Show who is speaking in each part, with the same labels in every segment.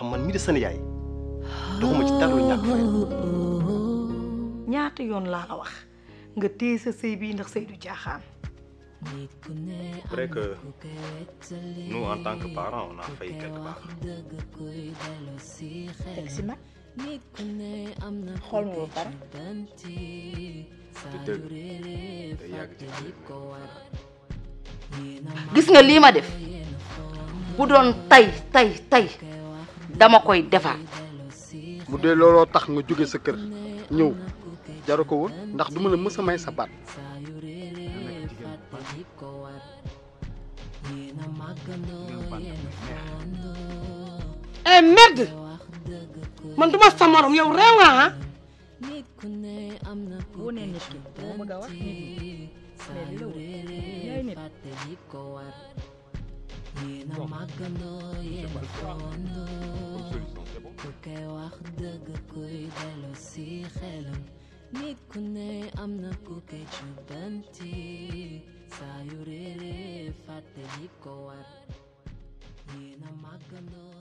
Speaker 1: xam man mii de sa nijaay doxuma ci dara lu
Speaker 2: ñàkk fay yoon laa la sa sëy ndax sëy du jaaxaan
Speaker 1: vrai que nous en tant que parents on
Speaker 3: gis nga lii ma def bu doon tay tay tay. dama koy defar.
Speaker 1: bu dee looloo tax nga jóge sa kër ñëw
Speaker 3: jaru ko woon ndax du ma la mës may sa baat. eh
Speaker 2: merde man du ma yow réew nga ah. yee na màggandoo yee na ku koy wax dëgg kuy dellu si xelam nit ku ne am na ku koy jubbanti saa yu réeree
Speaker 1: fàtte li ko war yee na màggandoo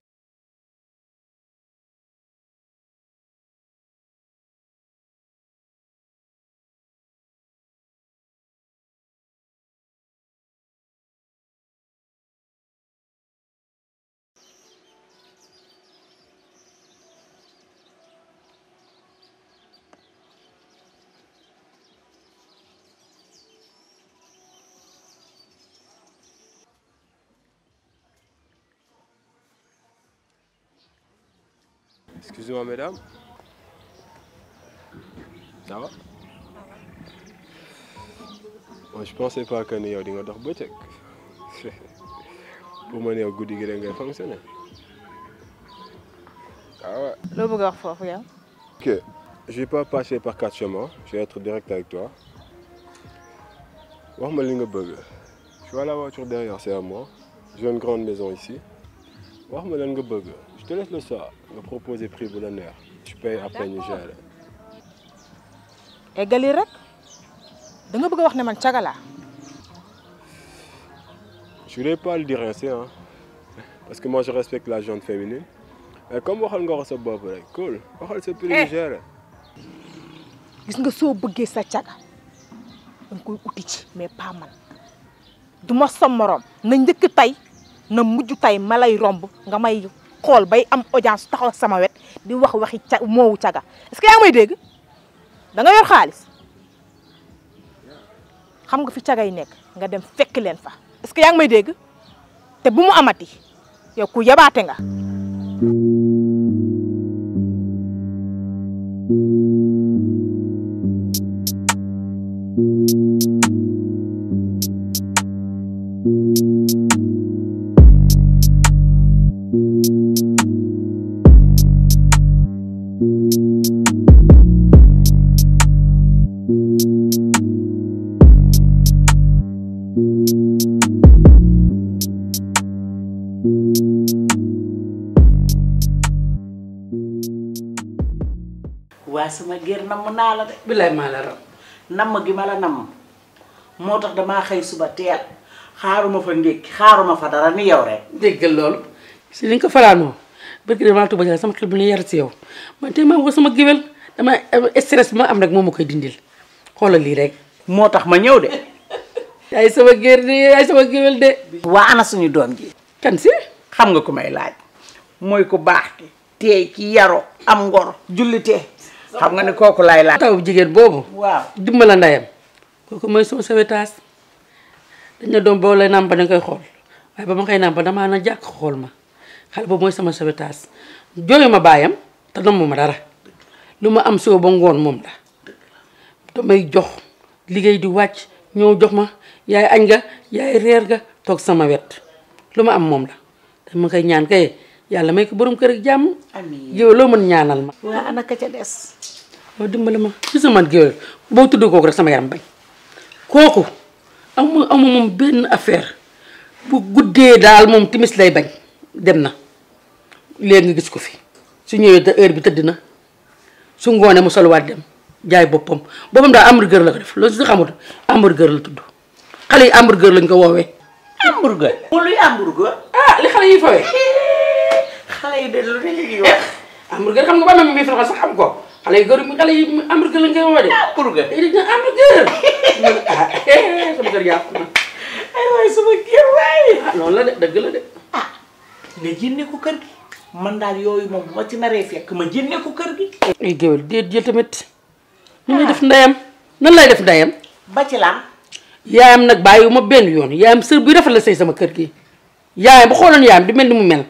Speaker 1: Excusez-moi, mesdames. Ça va? Moi, je pensais pas que y ait nga boutique. pour moi, au goût gi rek ngay fonctionné ah Le waaw. fort, bëgg ok je vais pas passer par quatre chemins je vais être direct avec toi wax ma li je vois la voiture derrière c'est à moi j'ai une grande maison ici wax ma lan nga te laisse le soir nga proposer prix bu la tu payes après ñu gérer. eggali rek da nga bëgg a wax ne man caga laa. je voulais pas le dire ainsi hein parce que moi je respecte la gente féminine mais comme waxal nga ko sa bopp rek cool waxal sa prix ñu eh. gérer. gis nga soo sa caga danga koy uti ci mais pas man du ma sa morom na njëkk tey na mujj tey ma lay romb nga may. xool bay am audience taxaw sama wet di wax waxi ca moowu caga est-ce que yaa may dégg da nga yor xaalis xam nga fi caga nekk nga dem fekk leen fa est-ce que yaa ngi dégg te bu mu amati yow ku yabaate nga.
Speaker 3: waaye sama géer namm naa la de. bilay maa la raw. namm gi ma la namm moo tax damaa xëy suba teel xaaruma fa ndékki xaaruma fa dara ni yow rek. déggal loolu. si li ko faraanoo barki damaa tuba jël sama xel bu sama géwél dama eh, bi ma am rek moom ma koy dindil xoolal lii rek. moo tax ma ñëw de. yaay sama géer de yaay sama géwél de. waa na suñu doom ji. kan xam nga ku may laaj. mooy ku baax ki. tey ki yaro am ngor jullite xam nga ne kooku laay laaj. taw jigéen boobu. waaw dimbala ndeyam. kooku mooy sama sauvetage dañ ne doom boo lay nàmpa da koy xool waaye ba ma koy nàmpa damaa na jàkk xool ma xale boobu mooy sama sawetaas jooyu ma baayam te nomb ma dara lu ma am soo ba ngoon moom la damay jox liggéey di wàcc ñëw jox ma yaay añ nga yaay reer nga toog sama wet lu ma am moom la dama koy ñaan kay. yalla may ko borom kër ak jamm amin yow lo mën ñaanal ma. wa ana ka ca dess waaw dimbali ma gis man géwél boo tudd rek sama yaram bañ koku amu amu mom ben affaire bu guddé dal mom timis lay bañ demna leen nga gis ko fi su ñëwé da heure bi teddina su ngone mu solwaat dem jaay bopam boppam daal hamburger la ko def loolu si xamut hamburger la tuddu xale yi hamburger lañ ko woowee. hamburger. mo luy hamburger ah li xale yi fawé xale yi de lu ne ñu ngi wax. hamburger xam nga ba même bi fi sax xam ko xale yu góor yi xale yi hamburger lañ koy woowee. hamburger hamburger. sama kër yàqu na. ay waay sama kër waay. ah la de la de. ah nga jëndee ko kër gi. man daal yooyu moom ma ci naree fekk ma jëndee ko kër gi. ay géwél déet jël tamit. ñu ngi def nan lay def ba ci yoon rafet la sama kër gi bu di mel mu mel.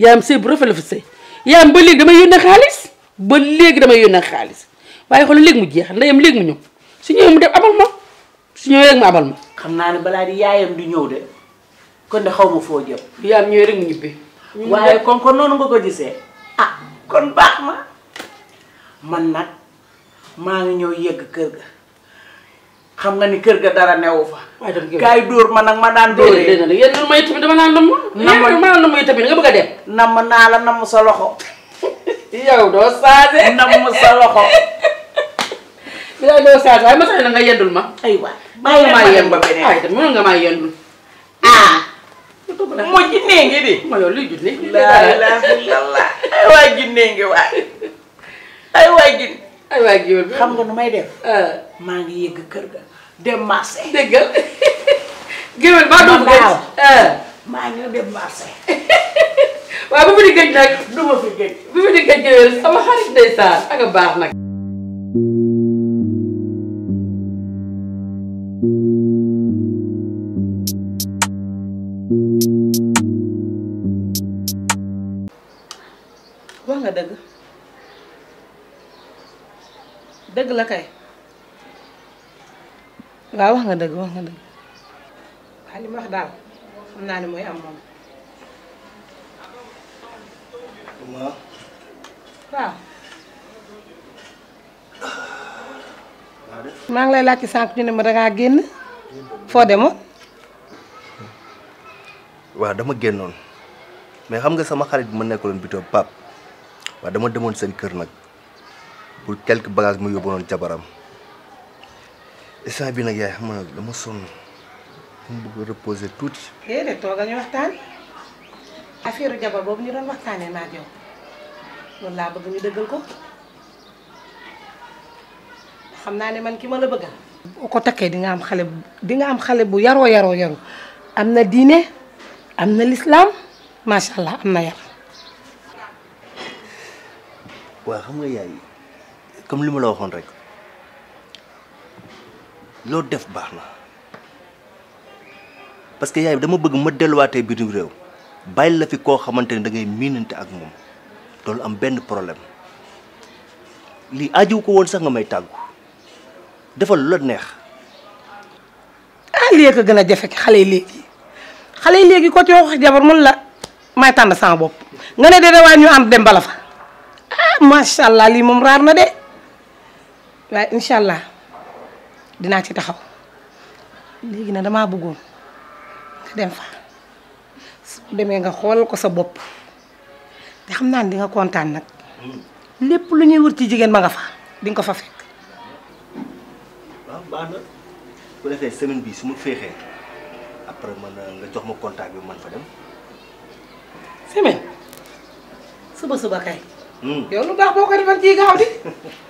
Speaker 3: yaayam sëy bu rafet la fa sëy yaayam ba léegi damay yónnee xaalis ba léegi damay yónnee xaalis waaye xoolal léegi mu jeex ndeyam léegi mu ñëw su ñëwee mu def abal ma su ñëwee rek mu abal ma. xam naa ne balaa di yaayam di ñëw de kon de xaw ma foo jëm. yaayam ñëwee rek mu ñibbi. waaye kon kon noonu nga ko gisee. ah kon baax ma man nag maa ngi ñëw yegg kër ga. xam nga ni kër ga dara newu fa gay dóor man ak ma daan dóoree dégg nga may tamit dama nan namm nam ma namm may tamit nga bëgg a dem namm naa la nam sa loxo yow doo saase namm sa loxo bilaa do saase ay ma sa nga yendul ma ay wa bàyyi ma yem ba benen ay tamit mën nga ma yendul ah mo jinne ngi di ma yow lu jinne la la la ay waay jinne ngi way ay way jinne ay waay géwél bi xam nga nu may def maa ngi yëgg kër ga dem marché déggal géwél maa doon gëj maa ngi dem marché waaw bu mu gëj nag fi gëj bu gëj sama xarit ak baax nga
Speaker 2: la kay waaw wax nga dëgg wax nga dëgg naa ne mooy am waaw maa ngi lay laaj ci sànq ñu ma dangaa génn foo demoon
Speaker 1: waaw dama génnoon mais xam nga sama xarit bi ma nekkaloon bitoo pap waaw dama demoon seen kër nag pour quelques bagages mu yóbbu noonu jabaram instant bi nag yaay xam na dama sonn mu bëgg reposer tuuti.
Speaker 2: déedéet toogal ñu waxtaan affaire jabar boobu ñu doon waxtaanee naa yow loolu laa bëgg ñu dëggal ko xam naa ne man ki ma la bëgg boo ko takkee di nga am xale di nga am xale bu yaroo yaroo yaru am na diine am na lislaam macha allah am na yar.
Speaker 1: comme li la waxoon rek def baax parce que yaay dama bëgg ma delluwaatee bitim réew bàyyi la fi koo xamante ne da ngay miinante ak moom doolu am benn problème li ko woon sax nga may tàggu defal lo neex. ah lii ko gën a jafe xale yi léegi
Speaker 2: xale yi ko ci wax jabar mun la may sama nga de waaye ñu ah macha allah li moom na de waaye inshallah dina ci taxaw legui na dama bëggoon nga dem fa su demee nga xol ko sa bop té xamna naa di nga contane nak hmm. lépp lu ñuy wër jigen ma nga fa di nga fa fekk.
Speaker 1: ba na ko defee semaine bi su ma féexee après man euh, nga jox ma contact bi man fa dem.
Speaker 3: semaine suba
Speaker 2: suba kay. Hmm. yow lu bax boo defal ci gaaw di.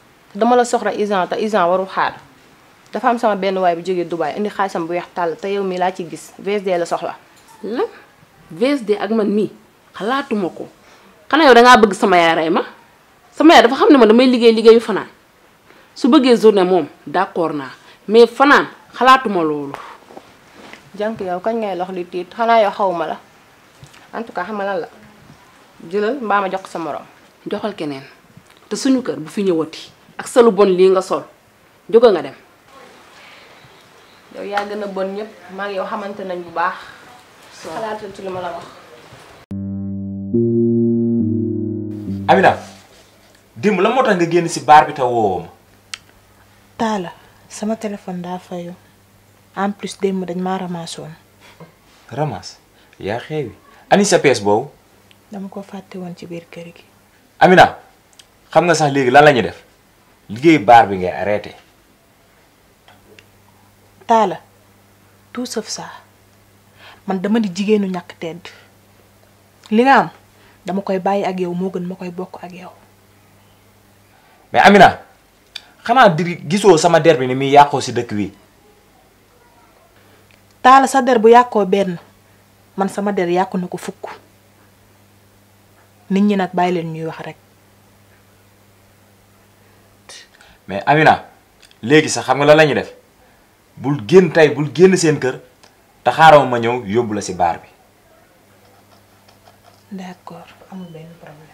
Speaker 1: dama la soxra isan ta isan waru xaar dafa am sama benn way bu jógee dubai indi xaalisam bu weex tàll te yow mi laa ci gis VSD la soxla. la
Speaker 3: VSD ak man mii xalaatuma ko xanaa yow da ngaa bëgg sama yaay rey ma sama yaay dafa xam ne ma damay liggéey liggéeyu fanaan su bëggee journée moom d'accord naa mais fanaan xalaatuma loolu. jànk yow kañ ngay lox li tiit xanaa yow xawma la en tout cas xam lan la jëlal mbaa ma jox sa morom. joxal keneen te suñu kër bu fi ñëwati ak sa lu bon li nga sol jóge nga
Speaker 1: dem. yow ya gëna bon ñep ma ngi yow nañ bu baax. xalaatal ci luma la wax. Amina démb la moo nga génn si bar bi taw woowoo ma. sama téléphone da fayu en plus dem dañ ma ramasson ramas ya xewi ani sa pièce bo dama ko faté won ci bir kër gi. Amina xam nga sax légui lan lañu def. liggéey baar bi ngay arrêté. Talla tout sauf ça man dama di jigéenu ñàkk tedd li nga am dama koy bàyyi ak yow moo gën ma koy bokk ak yow. mais Amina xanaa di gisoo sama der bi ni muy yàqoo si dëkk wi Talla sa der bu yàqoo benn man sama der yàqu na ko fukk nit ñi nag bàyyi leen ñuy wax rek. mais Amina léegi sax xam nga lan la ñuy def bul génn tey bul génn seen kër te xaaral ma ñëw yóbbu la si baar bi. d'accord amul